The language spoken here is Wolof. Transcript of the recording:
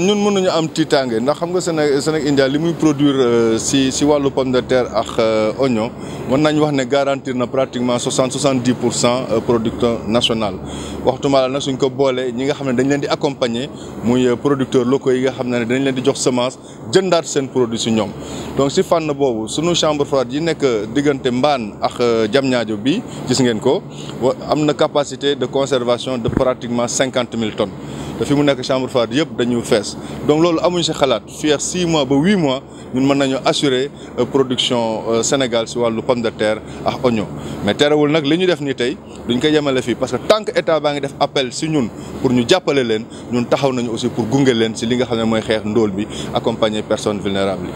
ñun mënuñu am tiitaange ndax xam nga Sénégal Sénégal India li muy produire euh, si si wàllu pomme de terre ak euh, oignon mën nañ wax ne garantir na pratiquement soixante soixante dix pour cent euh, producteur national waxtuma la nag suñ ko boolee ñi nga xam ne dañ leen di accompagner muy producteurs locaux yi nga xam ne dañ leen di jox semence jëndaat seen produit si ñoom. donc si fànn boobu suñu chambre froide yi nekk diggante Mbaan ak Diamniadio bi gis ngeen ko am na capacité de conservation de pratiquement cinquante mille tonnes. te fi mu chambre froide yëpp dañu fess donc lolu amuñ ci xalat fii 6 mois ba 8 mois ñun mën nañu assurer euh, production euh, Sénégal ci walu pomme de terre ak oignon mais terewul nak liñu def ni tay duñ ko yemale fi parce que tant que état baa ngi def appel ci ñun pour ñu jappalé leen ñun taxaw nañu aussi pour gunge leen ci li nga xamné moy xex ndol bi accompagner personnes vulnérables